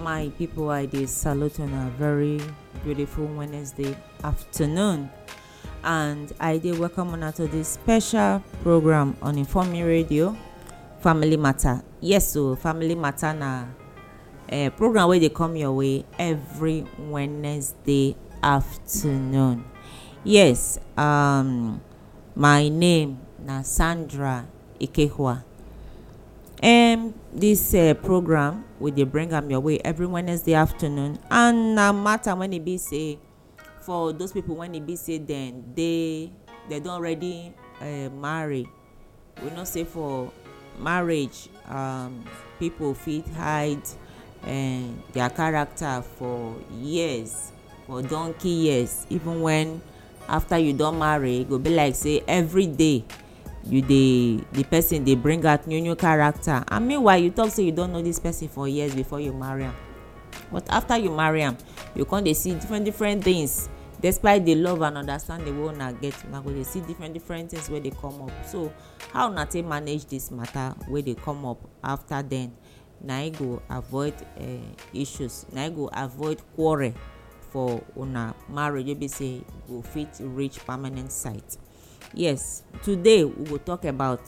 my people i dey salute on a very beautiful wednesday afternoon and i dey welcome una to this special program on Informing radio family matter yes o so family matter na uh, program wey dey come your way every wednesday afternoon yes um, my name na sandra ikehua um, this uh, program we dey bring am your way every wednesday afternoon and na matter when e be say for those people when e be say dem dey dem don already uh, marry we know say for marriage um, people fit hide uh, their character for years for donkey years even when after you don marry e go be like say every day you dey the person dey bring out new new character and meanwhile you talk say you don know this person for years before you marry am but after you marry am you come dey see different different things despite the love and understanding wey una get una go dey see different different things wey dey come up so how una take manage this matter wey dey come up after then na e go avoid uh, issues na e go avoid quarrel for una marriage wey be say go fit reach permanent site yes today we go talk about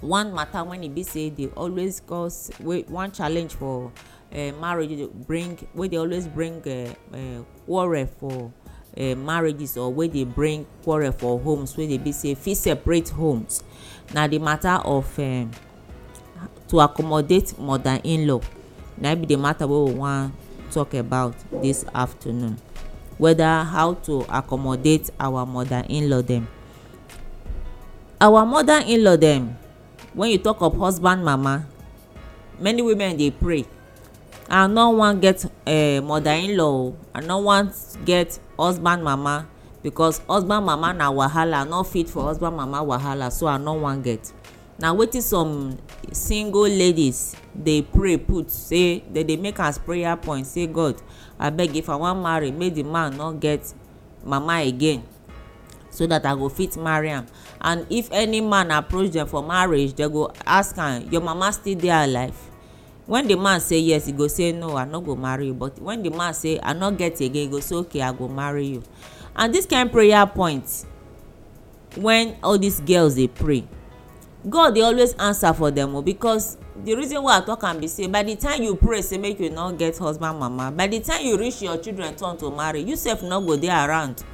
one matter when e be say dey always cause wey one challenge for uh, marriage bring wey dey always bring uh, uh, quarrel for uh, marriages or wey dey bring quarrel for homes wey dey be say fit separate homes na the matter of um, to accommodate mother-in-law na be the matter wey we wan talk about this afternoon whether how to accommodate our mother-in-law dem our mother in-law dem when you talk of husband mama many women dey pray i no wan get uh, eh, mother in-law i no wan get husband mama because husband mama na wahala i no fit for husband mama wahala so i no wan get na wetin some single ladies dey pray put say dem dey make as prayer point say god abeg if i wan marry make the man no get mama again so that i go fit marry am and if any man approach dem for marriage dem go ask am your mama still dey alive when the man say yes he go say no i no go marry you but when the man say i no get again he go say okay i go marry you and this kind prayer point when all these girls dey pray god dey always answer for them o oh, because the reason why i talk am be say by the time you pray say make you no get husband mama by the time you reach your children turn to marry you sef no go dey around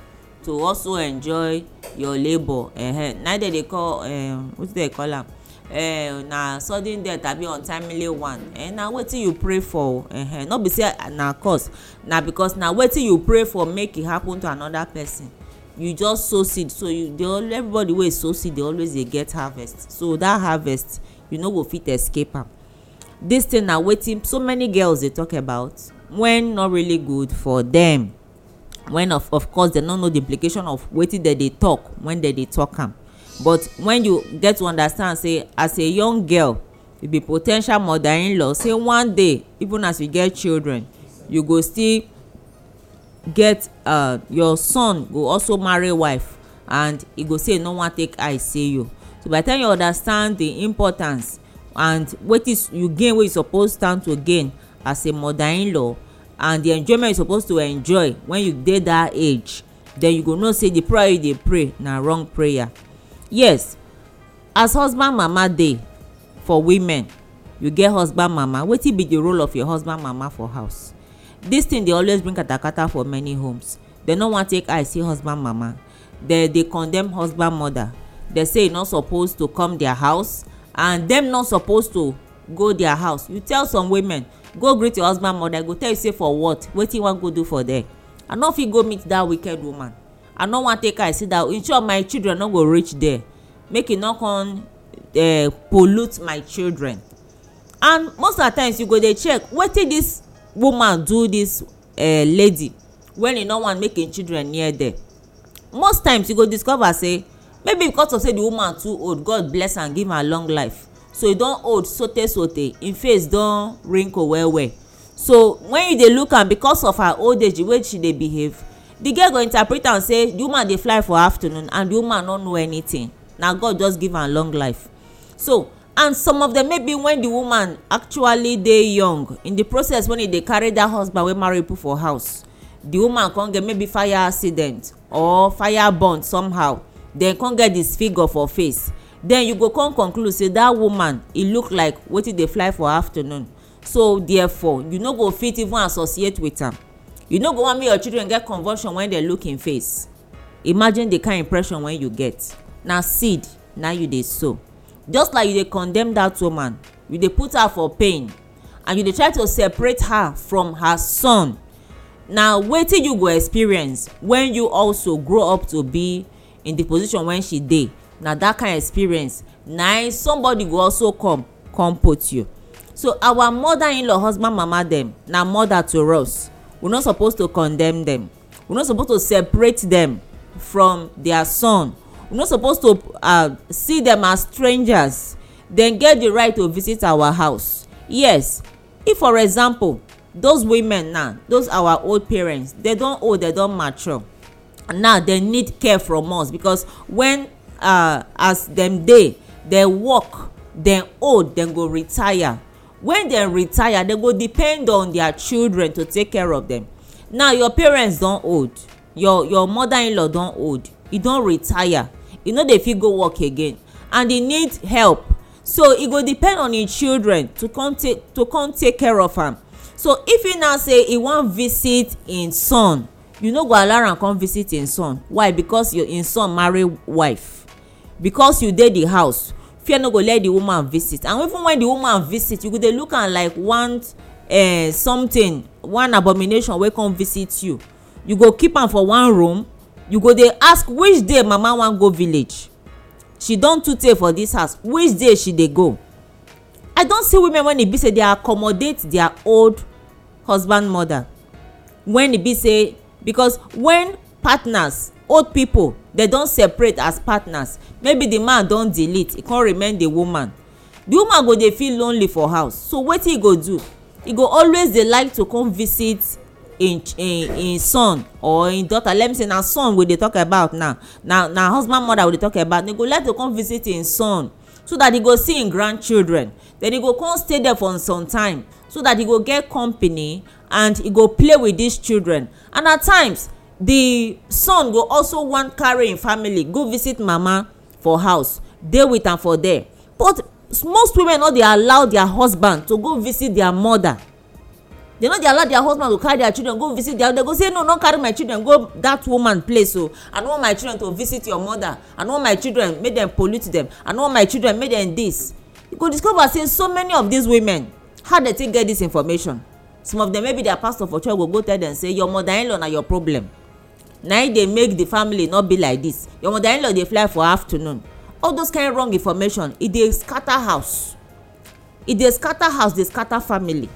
to also enjoy your labour um na dem dey call um wetin dem call am um na sudden death abi untimely one um na wetin you pray for um no be say na cause na because na wetin you pray for make e happen to another person you just sow seed so you dey everybody wey sow seed dey always dey get harvest so that harvest you no go fit escape am this thing na wetin so many girls dey talk about when not really good for them when of of course dem no know the implication of wetin dem dey talk when dem dey talk am but when you get to understand say as a young girl you be po ten tial mother in law say one day even as you get children you go still get uh, your son go also marry wife and e go say no wan take eye see you so by the time you understand the importance and wetin you gain wey you suppose stand to gain as a mother in law and the enjoyment you suppose to enjoy when you dey that age then you go know say the prayer you dey pray na wrong prayer yes as husband mama dey for women you get husband mama wetin be the role of your husband mama for house this thing dey always bring katakata for many homes dem no wan take eye see husband mama dem dey condemn husband mother dem say e no suppose to come their house and dem no suppose to go their house you tell some women go greet your husband mother i go tell you say for what wetin you wan go do for there i no fit go meet that wicked woman i no wan take eye see that in sure my children no go reach there make e no come uh, pollute my children and most of the times you go dey check wetin this woman do this uh, eh, lady when e no wan make im e children near there most times you go discover say maybe because of say the woman too old god bless am give her long life so e don old sote sote im e face don wrinkle well well so when you dey look am because of her old age the way she dey behave the girl go interpret am say the woman dey fly for afternoon and the woman no know anything na god just give am long life so and some of them maybe when the woman actually dey young in the process when e dey carry that husband wey marry put for house the woman come get maybe fire accident or fire burn somehow then come get disfigure for face then you go come conclude say that woman e look like wetin dey fly for afternoon so therefore you no go fit even associate with am you no go want make your children get convulsion when they look im face imagine the kind impression wey you get na seed na you dey sow just like you dey condemn that woman you dey put her for pain and you dey try to separate her from her son na wetin you go experience when you also grow up to be in the position when she dey na that kind of experience na somebody go also come come put you so our mother-in-law husband mama dem na mother to us we no suppose to condemn dem we no suppose to separate dem from their son we no suppose to uh, see dem as strangers dem get the right to visit our house yes if for example those women now those our old parents they don old they don mature now they need care from us because when Uh, as dem dey dem work dem old dem go retire when dem retire dem go depend on their children to take care of dem now your parents don old your your mother in law don old e don retire e no dey fit go work again and e need help so e go depend on im e children to come take to come take care of am so if e now say e wan visit im son you no go allow am come visit im son why because your im son marry wife because you dey the house fear no go let the woman visit and even when the woman visit you go dey look am like one uh, something one abomination wey come visit you you go keep am for one room you go dey ask which day mama wan go village she don too tey for this house which day she dey go i don see women when e be say dey accommodate their old husband mother when e be say because when partners old people dem don separate as partners maybe the man don delete e come remain the woman the woman go dey feel lonely for house so wetin he go do He go always dey like to come visit im im im son or im daughter let me say na son we dey talk about now na na husband mother we dey talk about They go like to come visit im son so that he go see im grandchildren then he go come stay there for some time so that he go get company and he go play with these children and at times the son go also wan carry im family go visit mama for house dey with am for there but most women no dey allow their husband to go visit their mother they no dey allow their husband to carry their children go visit their they go say no no carry my children go that woman place o oh. i no want my children to visit your mother i no want my children make dem pollute them i no want my children make dem this you go discover say so many of these women how they take get this information some of them maybe their pastor for church go go tell them say your mother-in-law na your problem na e dey make the family no be like this your mother-in-law dey fly for afternoon all those kind wrong information e dey scatter house e dey scatter house dey scatter family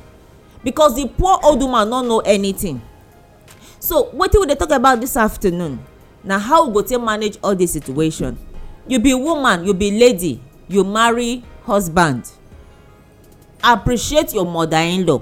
because the poor old woman no know anything so wetin we dey talk about this afternoon na how we go take manage all this situation you be woman you be lady you marry husband appreciate your mother-in-law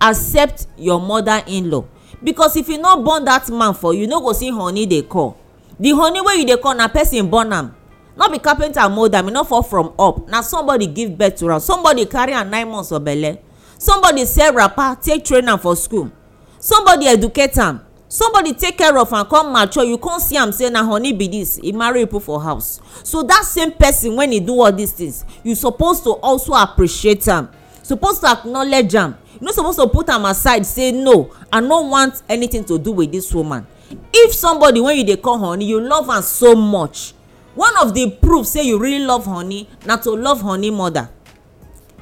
accept your mother-in-law because if you no born that man for you no go see honey dey call the honey wey you dey call na person born am no be carpenter mold am e no fall from up na somebody give birth to am somebody carry am nine months of belle somebody sell wrapper take train am for school somebody educate am somebody take care of am come mature you come see am say na honey be this he marry people for house so that same person when he do all these things you suppose to also appreciate am suppose to acknowledge am you no suppose to put am aside say no i no want anything to do with this woman if somebody wey you dey call honey you love am so much one of the proof say you really love honey na to love honey mother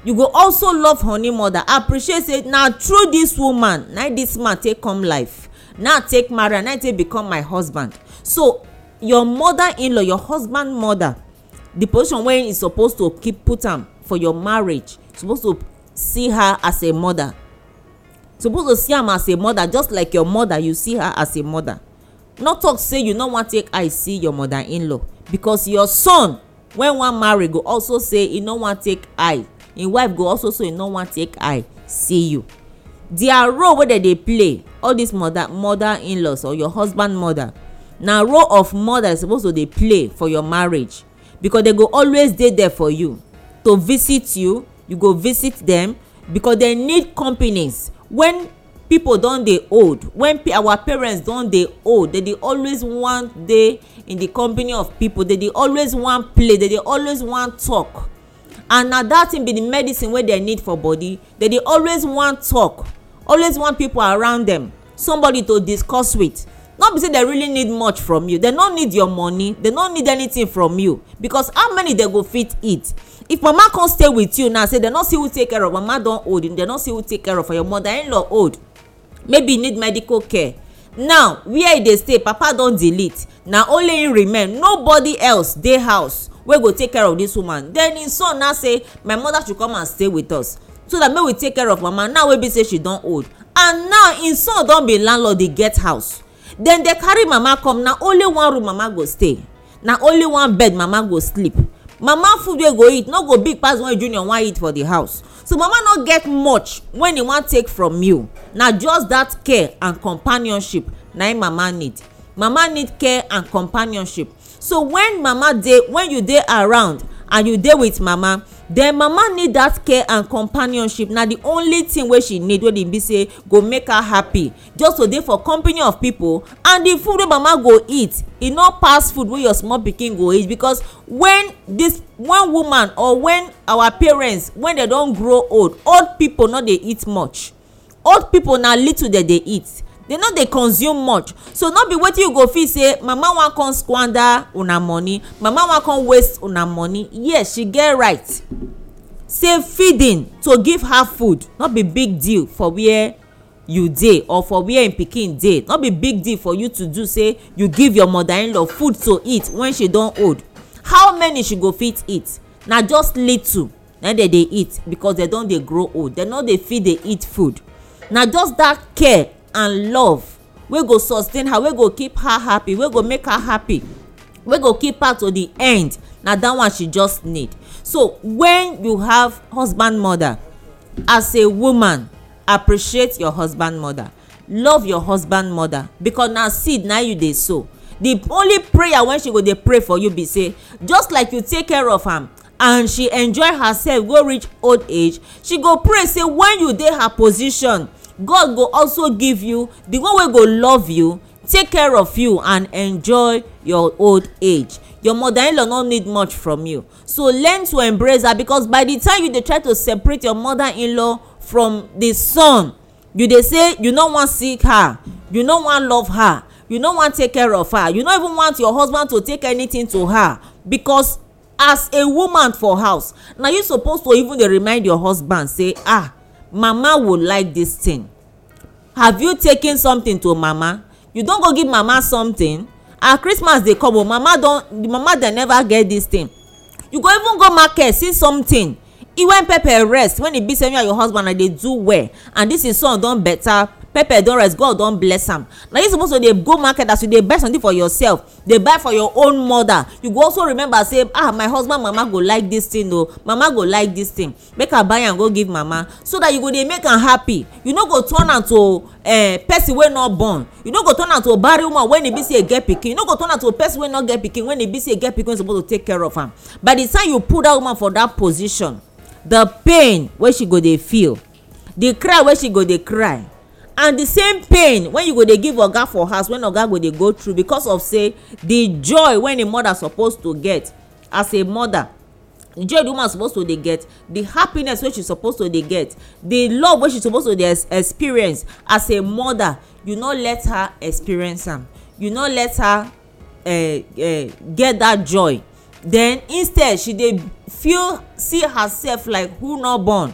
you go also love honey mother appreciate say na through this woman na this man take come life na take marry and na take become my husband so your mother in-law your husband mother the position wey you suppose to keep put am for your marriage suppose to see her as a mother suppose to see am as a mother just like your mother you see her as a mother no talk say you no wan take eye see your mother in law because your son when wan marry go also say he no wan take eye im wife go also say he no wan take eye see you their role wey dem dey play all this mother mother in laws or your husband mother na role of mother suppose to dey play for your marriage because dem go always dey there for you to visit you you go visit them because they need companies when people don dey old when our parents don dey old dem dey always wan dey in the company of people dem dey always wan play dem dey always wan talk and na that thing be the medicine wey they need for body dem dey always wan talk always want people around them somebody to discuss with no be say dem really need much from you They no need your money They no need anything from you because how many they go fit eat if mama come stay with you now say they no see who take care of mama don old They no see who take care of your mother in law old maybe you need medical care now where you dey stay papa don delete na only him remain nobody else dey house wey go take care of this woman then him son now say my mother should come and stay with us so that make we take care of mama now wey be say she don old and now him son don be landlord dey get house then dey carry mama come na only one room mama go stay na only one bed mama go sleep mama food wey go eat no go big pass when junior wan eat for the house so mama no get much when e wan take from you na just that care and companionship na im mama need mama need care and companionship so when mama dey when you dey around and you dey with mama dem mama need that care and companionship na the only thing wey she need wey dey be say go make her happy just to dey for company of people and the food wey mama go eat e no pass food wey your small pikin go eat because when this when woman or when our parents when dem don grow old old people no dey eat much old people na little dem dey eat dem no dey consume much so no be wetin you go feel say mama wan come squander una money mama wan come waste una money yes she get right say feeding to give her food no be big deal for where you dey or for where im pikin dey no be big deal for you to do say you give your mother in-law food to eat when she don old how many she go fit eat na just little na dem dey eat because dem don dey grow old dem no dey fit dey eat food na just that care and love wey go sustain her wey go keep her happy wey go make her happy wey go keep her to the end na that one she just need so when you have husband mother as a woman appreciate your husband mother love your husband mother because na seed na you dey sow the only prayer wey she go dey pray for you be say just like you take care of am and she enjoy herself go reach old age she go pray say when you dey her position god go also give you the one wey go love you take care of you and enjoy your old age your mother-in-law no need much from you so learn to embrace her because by the time you dey try to separate your mother-in-law from the son you dey say you no wan seek her you no wan love her you no wan take care of her you no even want your husband to take anything to her because as a woman for house na you suppose to even dey remind your husband say ah mama would like this thing have you taken something to mama you don go give mama something her christmas dey come o mama don the mama dey never get this thing you go even go market see something e wen pepper rest when e be say you and your husband na dey do well and this him son don better pepper don rest god don bless am na you suppose to dey go market as you dey buy something for yourself dey buy for your own mother you go also remember say ah my husband mama go like this thing o oh. mama go like this thing make i buy am go give mama so that you go dey make am happy you no go turn am to uh, person wey no born you no go turn am to barren woman when e be say e get pikin you no go turn am to person wey no get pikin when e be say e get pikin wey suppose to take care of am by the time you put that woman for that position the pain wey she go dey feel the cry wey she go dey cry and the same pain when you go dey give oga for house when oga go dey go through because of say the joy when a mother suppose to get as a mother the joy the woman suppose to dey get the happiness wey she suppose to dey get the love wey she suppose to dey experience as a mother you no let her experience am you no let her uh, uh, get that joy then instead she dey feel see herself like who no born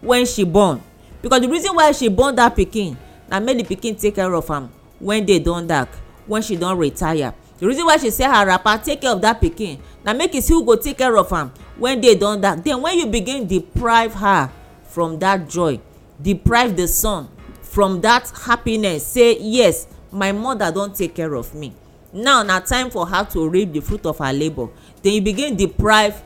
when she born because the reason why she born that pikin na make the pikin take care of am when day don dark when she don retire the reason why she sell her wrapper take care of that pikin na make e see who go take care of am when day don dark then when you begin deprive her from that joy deprive the son from that happiness say yes my mother don take care of me now na time for her to reap the fruit of her labour then you begin deprive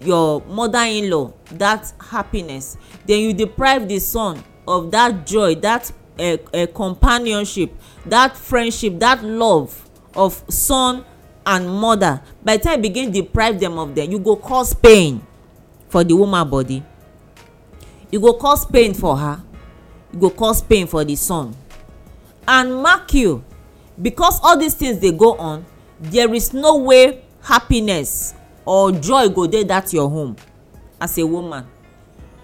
your mother-in-law that happiness then you deprive the son of that joy that uh, uh, companionship that friendship that love of son and mother by the time you begin deprive them of them you go cause pain for the woman body you go cause pain for her you go cause pain for the son and mark you because all these things dey go on there is no way happiness or joy go dey that your home as a woman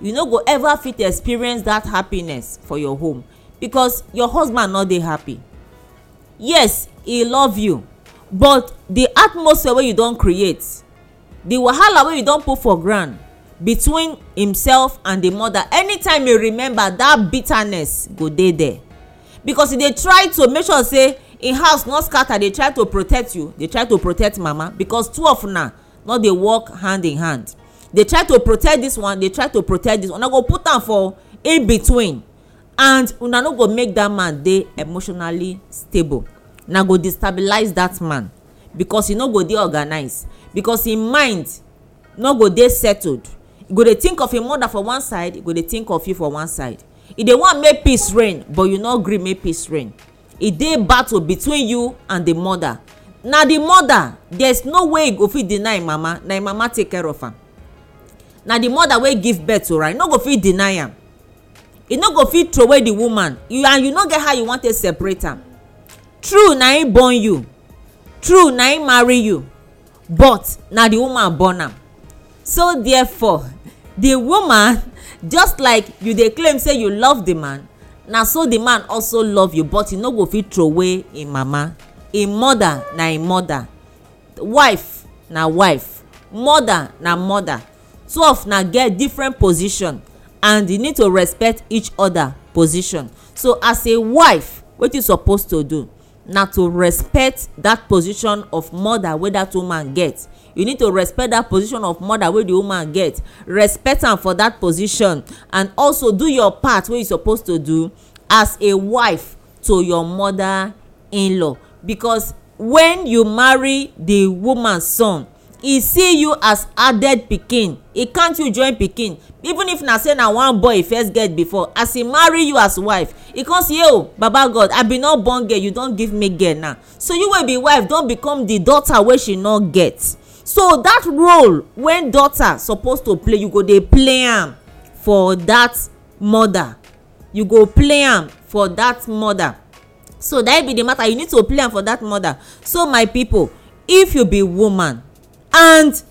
you no go ever fit experience that happiness for your home because your husband no dey happy yes he love you but the atmosphere wey you don create the wahala wey you don put for ground between himself and the mother anytime you remember that bitterness go dey there because he dey try to make sure say him house no scatter dey try to protect you dey try to protect mama because two of una no dey work hand in hand dey try to protect this one dey try to protect this one una go put am for in between and una no go make that man dey emotionally stable una go destabilize that man because he no go dey organized because him mind no go dey settled he go dey think of him mother for one side he go dey think of you for one side he dey wan make peace reign but you no gree make peace reign e dey battle between you and the mother na the mother there's no way you go fit deny im mama na im mama take care of am na the mother wey give birth to am you no go fit deny am you no go fit away the woman you and you no get how you wan take separate am true na im born you true na im marry you but na the woman born am so therefore the woman just like you dey claim say you love the man na so the man also love you but you no go fit away im mama a mother na a mother wife na wife mother na mother twelve na get different position and you need to respect each other position so as a wife wetin you suppose to do na to respect that position of mother wey that woman get you need to respect that position of mother wey the woman get respect am for that position and also do your part wey you suppose to do as a wife to your mother in law because when you marry the woman son e see you as added pikin e count you join pikin even if na say na one boy e first get before as e marry you as wife e come say oh baba god i bin no born girl you don give me girl now so you wey be wife don become the daughter wey she no get so that role wey daughter suppose to play you go dey play am for that mother you go play am for that mother so that be the matter you need to plan for that mother so my people if you be woman and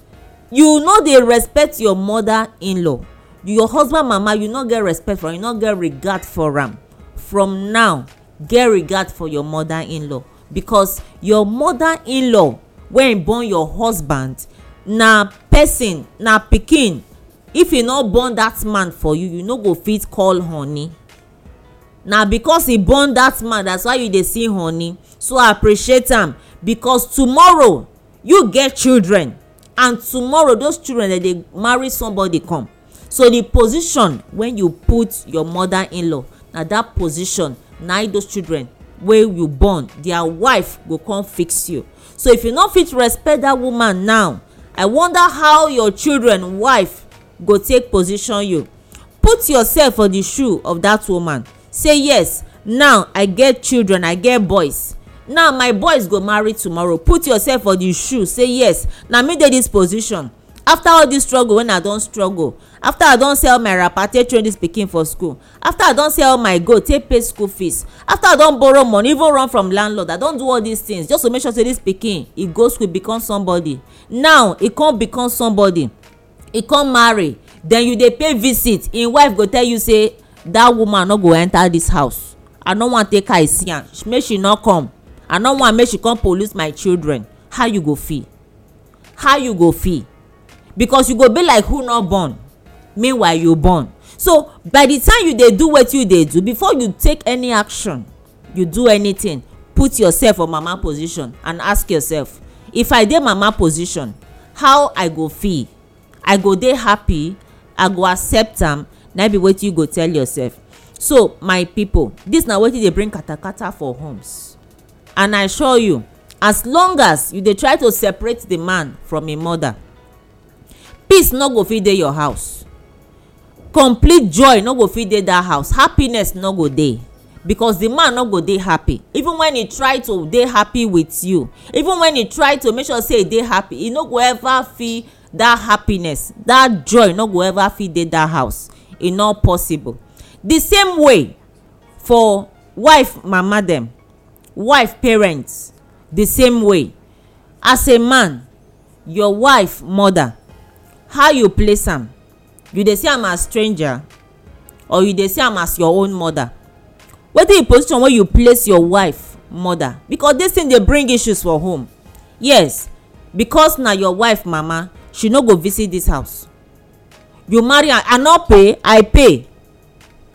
you no dey respect your mother in-law your husband mama you no get respect for am you no get regard for am from now get regard for your mother in-law because your mother in-law wey born your husband na person na pikin if you no born that man for you you no go fit call honey na because he born that man that's why you dey see honey so I appreciate am because tomorrow you get children and tomorrow those children dem dey marry somebody come so the position when you put your mother in-law na that position na those children wey you born their wife go come fix you so if you no fit respect that woman now i wonder how your children wife go take position you put yourself for the shoe of that woman say yes now i get children i get boys now my boys go marry tomorrow put yourself for the shoe say yes na me dey this position after all this struggle when i don struggle after i don sell my wrapper take train this pikin for school after i don sell my goat take pay school fees after i don borrow money even run from landlord i don do all these things just to make sure say this pikin e go school become somebody now e come become somebody e come marry then you dey pay visit im wife go tell you say dat woman no go enter dis house i no wan take eye see am make she no come i no wan make she come police my children how you go feel how you go feel because you go be like who no born meanwhile you born so by the time you dey do wetin you dey do before you take any action you do anything put yourself for mama position and ask yourself if i dey mama position how i go feel i go dey happy i go accept am na be wetin you go tell yourself so my people this na wetin dey bring katakata for homes and i assure you as long as you dey try to separate the man from im mother peace no go fit dey your house complete joy no go fit dey that house happiness no go dey because the man no go dey happy even when he try to dey happy with you even when he try to make sure say he dey happy he no go ever feel that happiness that joy no go ever fit dey that house e not possible the same way for wife mama dem wife parents the same way as a man your wife mother how you place am you dey see am as stranger or you dey see am as your own mother wetin be position wey you place your wife mother because this thing dey bring issues for home yes because na your wife mama she no go visit this house you marry am i no pay i pay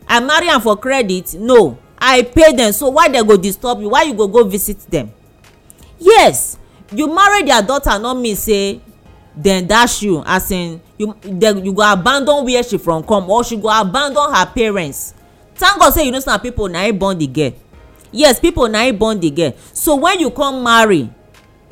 i marry am for credit no i pay dem so why dem go disturb you why you go go visit dem yes you marry their daughter no mean say dem dash you as in you dem you go abandon where she from come or she go abandon her parents thank god say you know some people na him born the girl yes people na him born the girl so when you come marry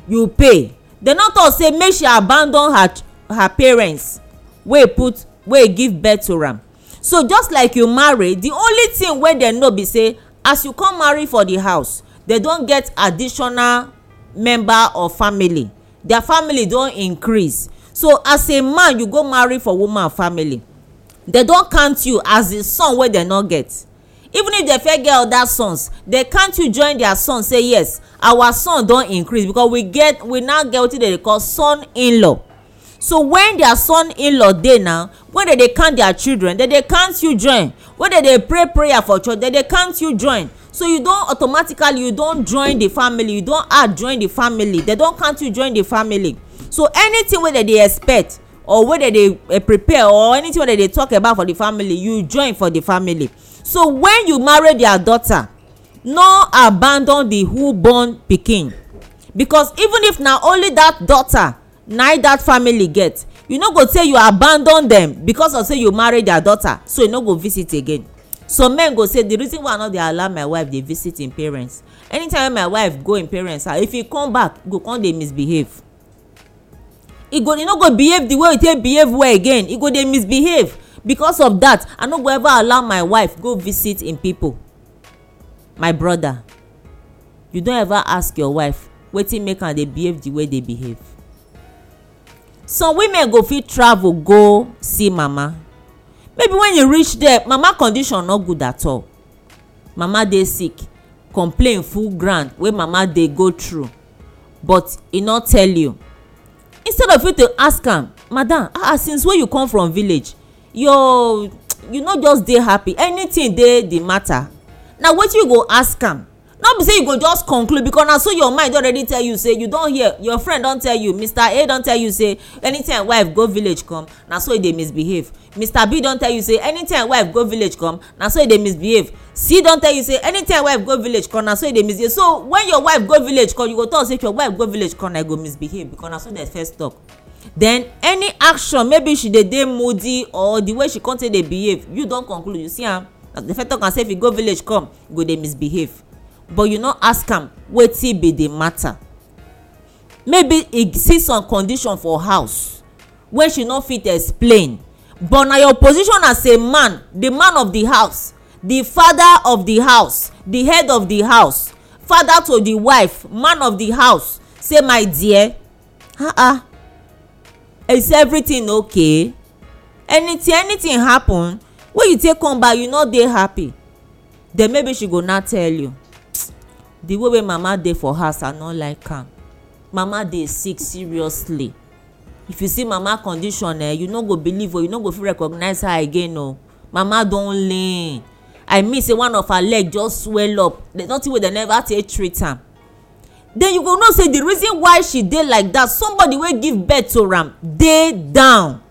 you pay dem no talk say make she abandon her her parents wey put wey give birth to am so just like you marry the only thing wey dem know be say as you come marry for the house dem don get additional member of family their family don increase so as a man you go marry for woman family dem don count you as the son wey dem no get even if dem fit get other sons dem count you join their son say yes our son don increase because we get we now get wetin dem dey call son in-law so when their son in-law dey now when they dey count their children dem dey count you join when they dey pray prayer for church they dey count you join so you don automatically you don join the family you don add join the family They don count you join the family so anything wey they dey expect or wey they dey uh, prepare or anything wey they dey talk about for the family you join for the family so when you marry their daughter no abandon the who born pikin because even if na only that daughter na that family get you no go say you abandon them because of say you marry their daughter so you no go visit again some men go say the reason why i no dey allow my wife dey visit im parents anytime my wife go im parents house if e come back e go come dey misbehave e go e no go behave the way e take behave well again e go dey misbehave because of that i no go ever allow my wife go visit im people my brother you don ever ask your wife wetin make am dey behave the way dey behave some women go fit travel go see mama maybe when you reach there mama condition no good at all mama dey sick complain full ground wey mama dey go through but e no tell you instead of you to ask am madam ah, ah since wey you come from village your you no just dey happy anything dey the matter na wetin you go ask am no be say you go just conclude because na so your mind don already tell you say you don hear your friend don tell you mr a don tell you say anytime wife go village come na so e dey misbehave mr b don tell you say anytime wife go village come na so e dey misbehave c don tell you say anytime wife go village come na so e dey misbehave so when your wife go village come you go talk say if your wife go village come na e go misbehave because na so dem first talk then any action maybe she dey dey moody or the way she come take dey behave you don conclude you see am the first talk am say if you e go village come you e go dey misbehave but you no ask am wetin be the matter maybe e see some condition for house wey she no fit explain but na your position as a man the man of the house the father of the house the head of the house father to the wife man of the house say my dear ah uh ah -uh. is everything okay anything anything happen wey you take come back you no dey happy then maybe she go now tell you the way wey mama dey for house i no like am mama dey sick seriously if you see mama condition eh you no go believe o oh, you no go fit recognize her again o oh. mama don lean i mean say one of her leg just swell up there's nothing wey dem never take treat am then you go know say the reason why she dey like that somebody wey give birth to am dey down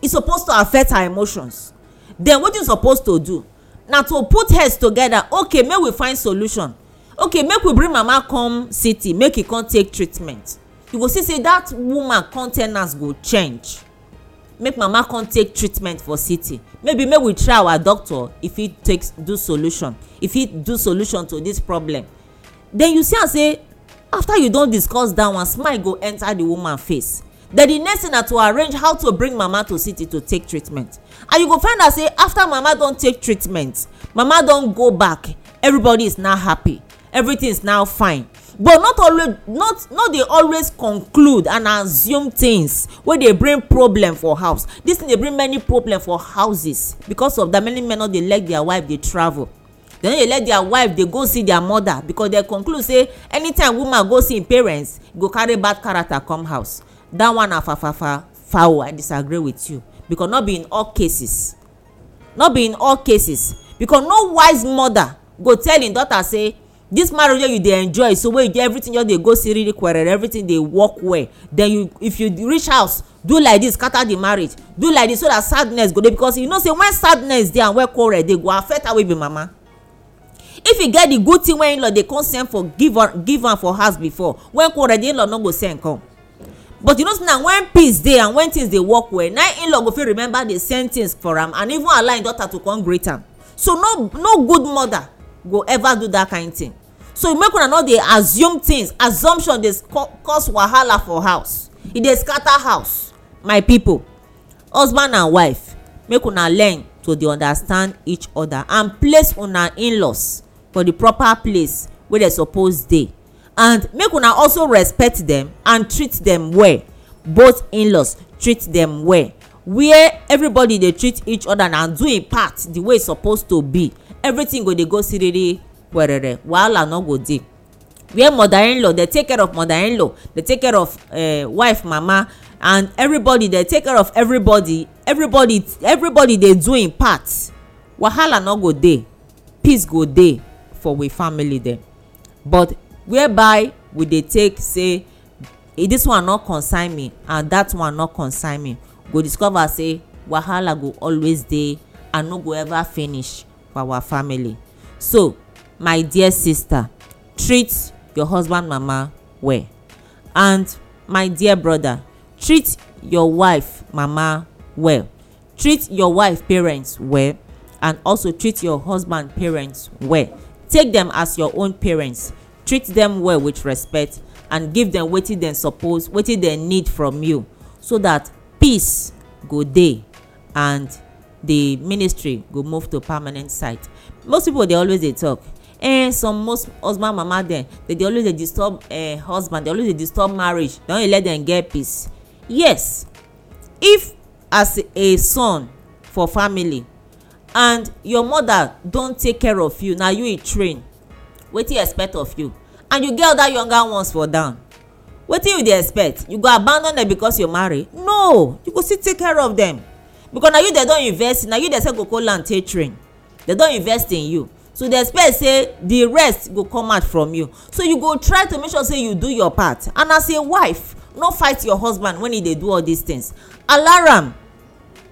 e suppose to affect her emotions then wetin you suppose to do na to put heads together okay make we find solution okay make we bring mama come city make he come take treatment you go see say that woman con ten ance go change make mama come take treatment for city maybe make we try our doctor if he take do solution if he do solution to this problem then you see am say after you don discuss that one smile go enter the woman face then the next thing na to arrange how to bring mama to city to take treatment and you go find out say after mama don take treatment mama don go back everybody is now happy everything is now fine but not always not not dey always conclude and assume things wey dey bring problem for house this thing dey bring many problem for houses because of that many men no dey let their wife dey travel dem no dey let their wife dey go see their mother because dem conclude say anytime woman go see im parents e go carry bad character come house that one na fafafa fowl i disagree with you because no be in all cases no be in all cases because no wise mother go tell im daughter say this marriage wey you dey enjoy so wey everything just dey go siriri querere everything dey work well then you if you reach house do like this scatter the marriage do like this so that sadness go dey because you know say when sadness dey and when quarrel dey e go affect how we be mama if you get the good thing wey in-law dey come send for give am give am for house before when quarrel dey in-law no go send come but you know say na when peace dey and when things dey work well na in-law go fit remember dey send things for am and even allow im daughter to come greet am so no no good mother go ever do that kind thing so make una no dey assume things assumption dey cause wahala for house e dey scatter house my people husband and wife make una learn to dey understand each other and place una in-laws for the proper place wey dem suppose dey and make una also respect dem and treat dem well both in-laws treat dem well where everybody dey treat each other and do im part the way e suppose to be everything go dey go siriri wẹrẹrẹ wahala no go dey where mother-in-law dey take care of mother-in-law dey take care of uh, wife mama and everybody dey take care of everybody everybody everybody dey do im part wahala no go dey peace go dey for we family dem but whereby we dey take say eh, this one no concern me and that one no concern me go discover say wahala go always dey and no go ever finish for our family so my dear sister treat your husband mama well and my dear brother treat your wife mama well treat your wife parents well and also treat your husband parents well take them as your own parents treat them well with respect and give them wetin dem suppose wetin dem need from you so that peace go dey and the ministry go move to permanent site most people dey always dey talk eh some most husband mama dem dey dey always dey disturb eh, husband dey always dey disturb marriage dey only let dem get peace yes if as a, a son for family and your mother don take care of you na you e train wetin you e expect of you and you get other younger ones for down wetin you dey expect you go abandon them because you marry no you go still take care of them because na you dey don invest na you dey sell cocoa land take train dey don invest in you so dey expect say the rest go come out from you so you go try to make sure say you do your part and as a wife no fight your husband when he dey do all these things allow am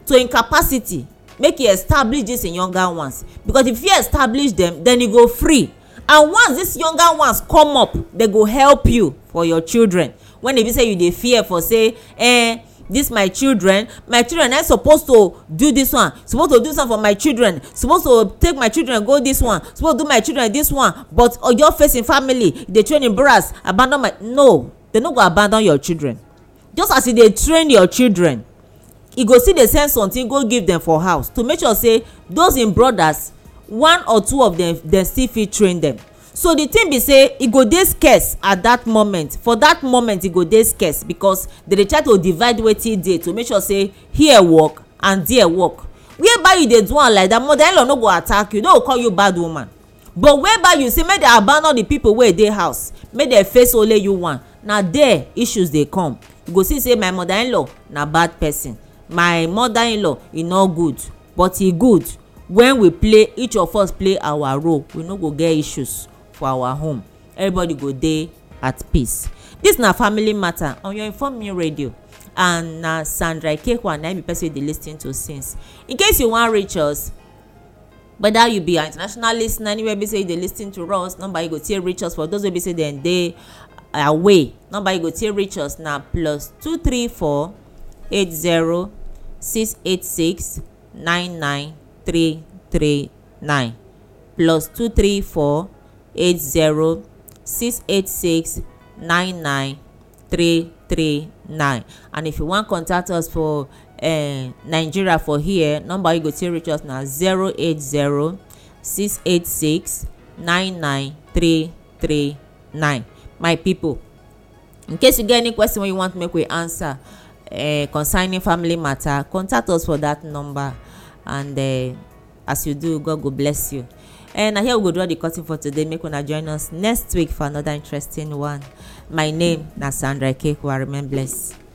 to im capacity make he establish these im younger ones because if he establish them then he go free and once these younger ones come up they go help you for your children when e be say you dey fear for say eh this my children my children i suppose to do this one suppose to do this one for my children suppose to take my children go this one suppose to do my children this one but your facing family dey train im bras abandon my no dem no go abandon your children just as you e dey train your children e go still dey send something go give dem for house to make sure say those im brothers one or two of dem dem still fit train dem so the thing be say e go dey scarce at that moment for that moment e go dey scarce because they dey try to divide wetin e dey to make sure say here work and there work whereby you dey do am like that mother in-law no go attack you no go call you bad woman but whereby you say make they abandon the people wey dey house make they face only you one na there issues dey come you go see say my mother in-law na bad person my mother in-law e no good but e good when we play each of us play our role we no go get issues for our home everybody go dey at peace This na family matter on your inform me radio and na sandra ikekwa na be person wey dey lis ten to since in case you wan reach us whether you be an international lis ten er anywhere be say you dey lis ten to us number you go take reach us for those wey be say dem dey away number you go take reach us na plus two three four eight zero six eight six nine nine three three nine plus two three four eight zero six eight six nine nine three three nine and if you wan contact us for uh, nigeria for here number you go take reach us na zero eight zero six eight six nine nine three three nine my people in case you get any question wey you want make we answer uh, concerning family matter contact us for that number and uh, as you do god go bless you. And here we go draw the curtain for today. Make una join us next week for another interesting one. My name na Sandra I Remain blessed.